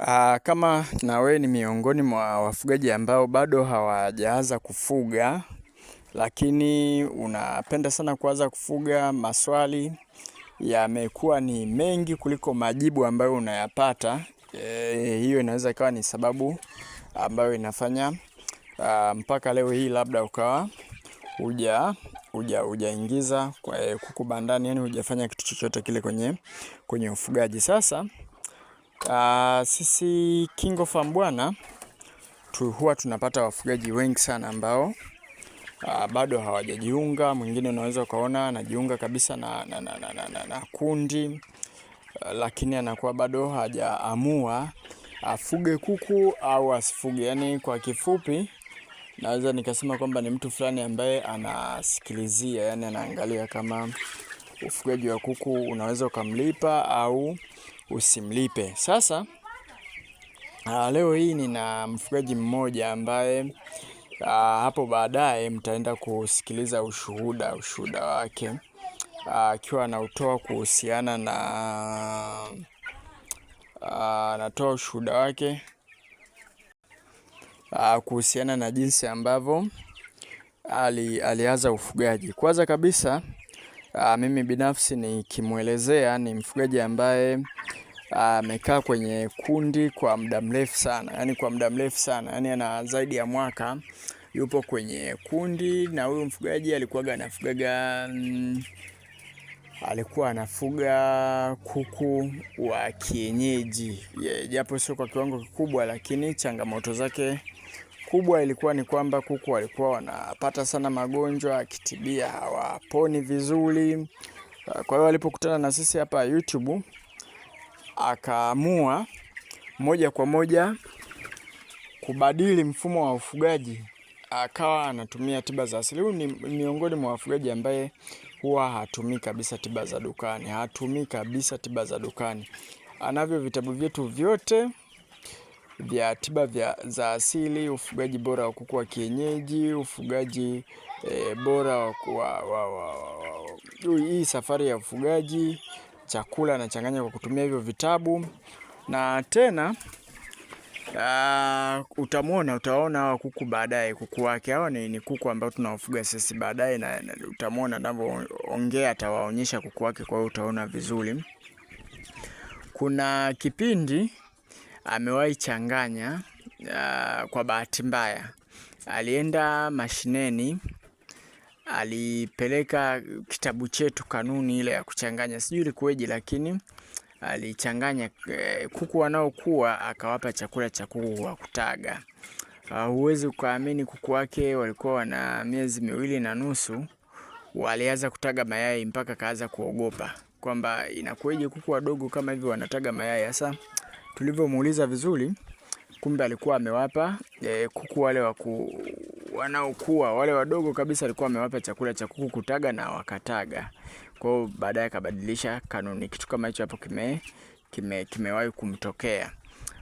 Uh, kama na wewe ni miongoni mwa wafugaji ambao bado hawajaanza kufuga lakini unapenda sana kuanza kufuga, maswali yamekuwa ni mengi kuliko majibu ambayo unayapata. E, hiyo inaweza ikawa ni sababu ambayo inafanya uh, mpaka leo hii labda ukawa uja uja ujaingiza eh, kuku bandani, yani hujafanya kitu chochote kile kwenye kwenye ufugaji sasa Uh, sisi Kingo Farm bwana tu huwa tunapata wafugaji wengi sana ambao uh, bado hawajajiunga. Mwingine unaweza ukaona anajiunga kabisa na, na, na, na, na, na kundi uh, lakini anakuwa bado hajaamua afuge kuku au asifuge. Yani kwa kifupi naweza nikasema kwamba ni mtu fulani ambaye anasikilizia, yani anaangalia kama ufugaji wa kuku unaweza ukamlipa au usimlipe. Sasa uh, leo hii nina mfugaji mmoja ambaye uh, hapo baadaye mtaenda kusikiliza ushuhuda ushuhuda wake ah, akiwa uh, anautoa kuhusiana na anatoa uh, ushuhuda wake uh, kuhusiana na jinsi ambavyo ali, alianza ufugaji. Kwanza kabisa Aa, ah, mimi binafsi nikimwelezea ni mfugaji ambaye ah, amekaa kwenye kundi kwa muda mrefu sana, yani kwa muda mrefu sana, yani ana zaidi ya mwaka yupo kwenye kundi, na huyu mfugaji alikuwaga anafugaga mm, alikuwa anafuga kuku wa kienyeji yeah, japo sio kwa kiwango kikubwa, lakini changamoto zake kubwa ilikuwa ni kwamba kuku walikuwa wanapata sana magonjwa, akitibia hawaponi vizuri. Kwa hiyo alipokutana na sisi hapa YouTube, akaamua moja kwa moja kubadili mfumo wa ufugaji, akawa anatumia tiba za asili. Huyu ni miongoni mwa wafugaji ambaye huwa hatumii kabisa tiba za dukani, hatumii kabisa tiba za dukani. Anavyo vitabu vyetu vyote vya tiba vya za asili, ufugaji bora wa kuku wa kienyeji, ufugaji e, bora wa, wa, wa, wa, wa. Hii safari ya ufugaji, chakula anachanganya kwa kutumia hivyo vitabu na tena Uh, ah, utamwona utaona hawa kuku baadaye, kuku wake hawa ni, ni kuku ambao tunawafuga sisi baadaye, na, na utamwona anavyoongea, atawaonyesha kuku wake, kwa hiyo utaona vizuri. Kuna kipindi amewahi changanya uh, kwa bahati mbaya. Alienda mashineni, alipeleka kitabu chetu kanuni ile ya kuchanganya, sijui ilikuweje, lakini alichanganya eh, kuku wanaokuwa akawapa chakula cha kuku wa kutaga. Ah, huwezi uh, ukaamini, kuku wake walikuwa wana miezi miwili na nusu, walianza kutaga mayai mpaka kaanza kuogopa kwamba inakuweje kuku wadogo kama hivyo wanataga mayai. Hasa tulivyomuuliza vizuri, kumbe alikuwa amewapa e, kuku wale waku, wanaokuwa wale wadogo kabisa, alikuwa amewapa chakula cha kuku kutaga na wakataga. Kwa hiyo baadaye akabadilisha kanuni. Kitu kama hicho hapo kime kime kimewahi kumtokea.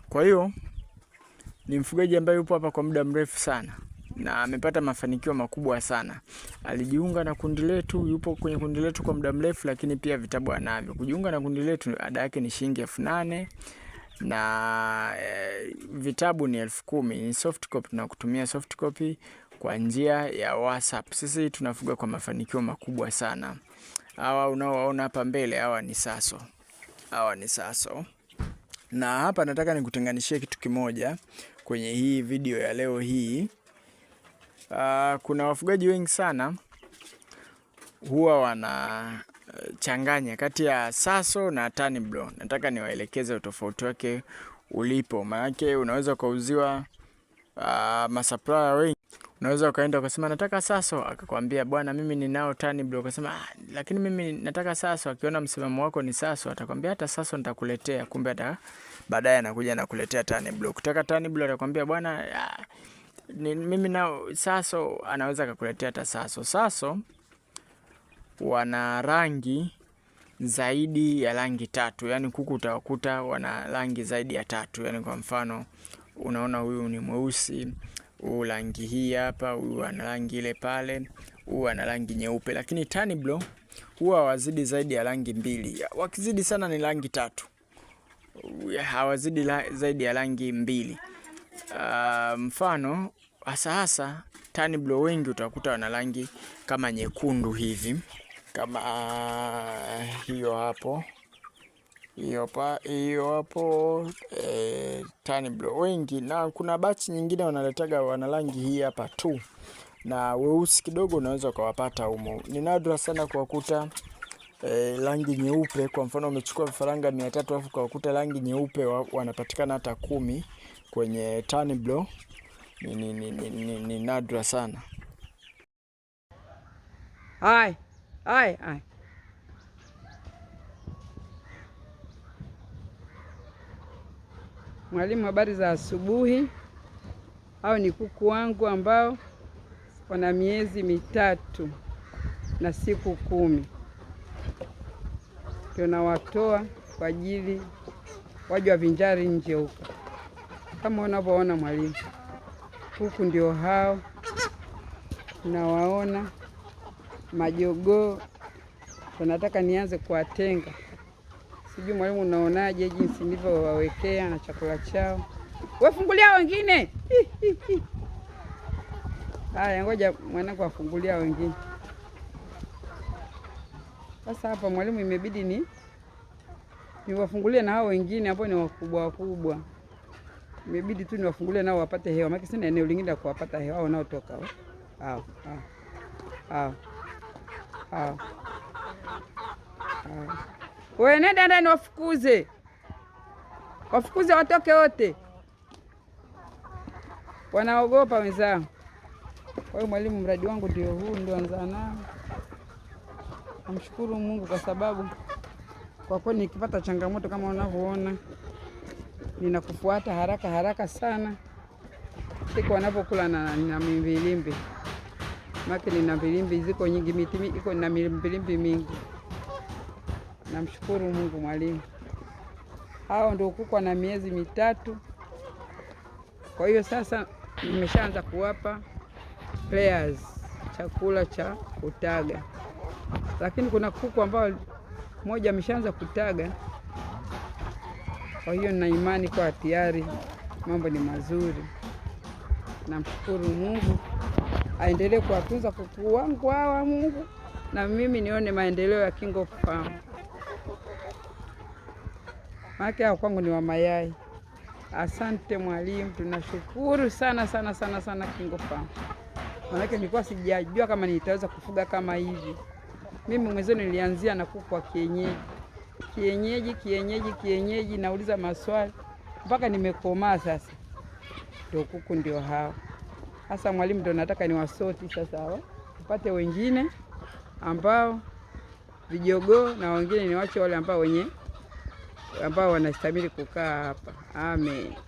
Kwa hiyo ni mfugaji ambaye yupo hapa kwa muda mrefu sana na amepata mafanikio makubwa sana. Alijiunga na kundi letu, yupo kwenye kundi letu kwa muda mrefu, lakini pia vitabu anavyo. Kujiunga na kundi letu ada yake ni shilingi elfu nane na e, vitabu ni elfu kumi ni soft copy, na kutumia soft copy kwa njia ya WhatsApp. Sisi tunafuga kwa mafanikio makubwa sana. Hawa unaowaona hapa mbele hawa ni Saso, hawa ni Saso. Na hapa nataka nikutenganishie kitu kimoja kwenye hii video ya leo hii. Uh, kuna wafugaji wengi sana huwa wana changanya kati ya Saso na Tanibro. Nataka niwaelekeze utofauti wake ulipo, maanake unaweza ukauziwa uh, ah, masupplier wengi. Unaweza ukaenda ukasema nataka Saso, akakwambia bwana, mimi ninao Tanibro. Ukasema ah, lakini mimi nataka Saso. Akiona msimamo wako ni Saso, atakwambia hata Saso nitakuletea, kumbe hata baadaye anakuja nakuletea Tanibro. Ukitaka Tanibro atakwambia bwana, ah, mimi nao Saso, anaweza akakuletea hata Saso. Saso wana rangi zaidi ya rangi tatu, yaani kuku utawakuta wana rangi zaidi ya tatu. Yaani kwa mfano unaona huyu ni mweusi, huu rangi hii hapa, huyu ana rangi ile pale, huyu ana rangi nyeupe. Lakini Turniblow huwa hawazidi zaidi ya rangi mbili, wakizidi sana ni rangi tatu, hawazidi zaidi ya rangi mbili. Uh, mfano hasa hasa Turniblow wengi utakuta wana rangi kama nyekundu hivi kama eh, hiyo hapo hiyo pa hiyo hapo e, eh, blue wengi, na kuna bachi nyingine wanaletaga wana rangi hii hapa tu, na weusi kidogo unaweza ukawapata humo. Ni nadra sana kuwakuta eh, rangi e, nyeupe. Kwa mfano umechukua vifaranga 300 alafu ukawakuta rangi nyeupe, wanapatikana hata kumi kwenye blue. ni, ni, ni, ni, ni, ni nadra sana. Hai. Ay ay. Mwalimu, habari za asubuhi. Hao ni kuku wangu ambao wana miezi mitatu na siku kumi. Tunawatoa kwa ajili waje wavinjari nje huko, kama unavyoona mwalimu, kuku ndio hao, nawaona majogoo, tunataka nianze kuwatenga. Sijui mwalimu, unaonaje jinsi nilivyowawekea na chakula chao? Wafungulia wengine. Haya, ngoja mwanangu afungulia wengine. Sasa hapa mwalimu, imebidi ni niwafungulie na hao wengine ambao ni wakubwa wakubwa, imebidi tu niwafungulie nao wapate hewa, maana sina eneo lingine la kuwapata hewa wanaotoka hao hao hao. Wewe nenda ndani, wafukuze wafukuze, watoke wote, wanaogopa wenzao Kwa hiyo mwalimu, mradi wangu ndio huu, ndio anza nao. Namshukuru Mungu kwa sababu kwa kweli nikipata changamoto kama unavyoona, ninakufuata haraka haraka sana siku wanapokula na, na mimbilimbi maki nina vilimbi ziko nyingi, miti iko na vilimbi mingi. Namshukuru Mungu. Mwalimu hao ndio kukwa na miezi mitatu, kwa hiyo sasa nimeshaanza kuwapa players chakula cha kutaga, lakini kuna kuku ambao moja ameshaanza kutaga, kwa hiyo nina imani kwa tayari mambo ni mazuri. Namshukuru Mungu aendelee kuwatunza kuku wangu hawa Mungu, na mimi nione maendeleo ya kingo of Farm. Maake hao kwangu ni wa mayai. Asante mwalimu, tunashukuru sana sana sana sana Kingo Farm, maanake nilikuwa sijajua kama nitaweza kufuga kama hivi. Mimi mwezo nilianzia na kuku wa kienyeji kienyeji kienyeji kienyeji, nauliza maswali mpaka nimekomaa. Sasa ndio kuku ndio hao hasa mwalimu ndo nataka ni wasoti sasa hawa, tupate wengine ambao vijogoo na wengine ni wache wale ambao wenye ambao wanastahimili kukaa hapa. Amen.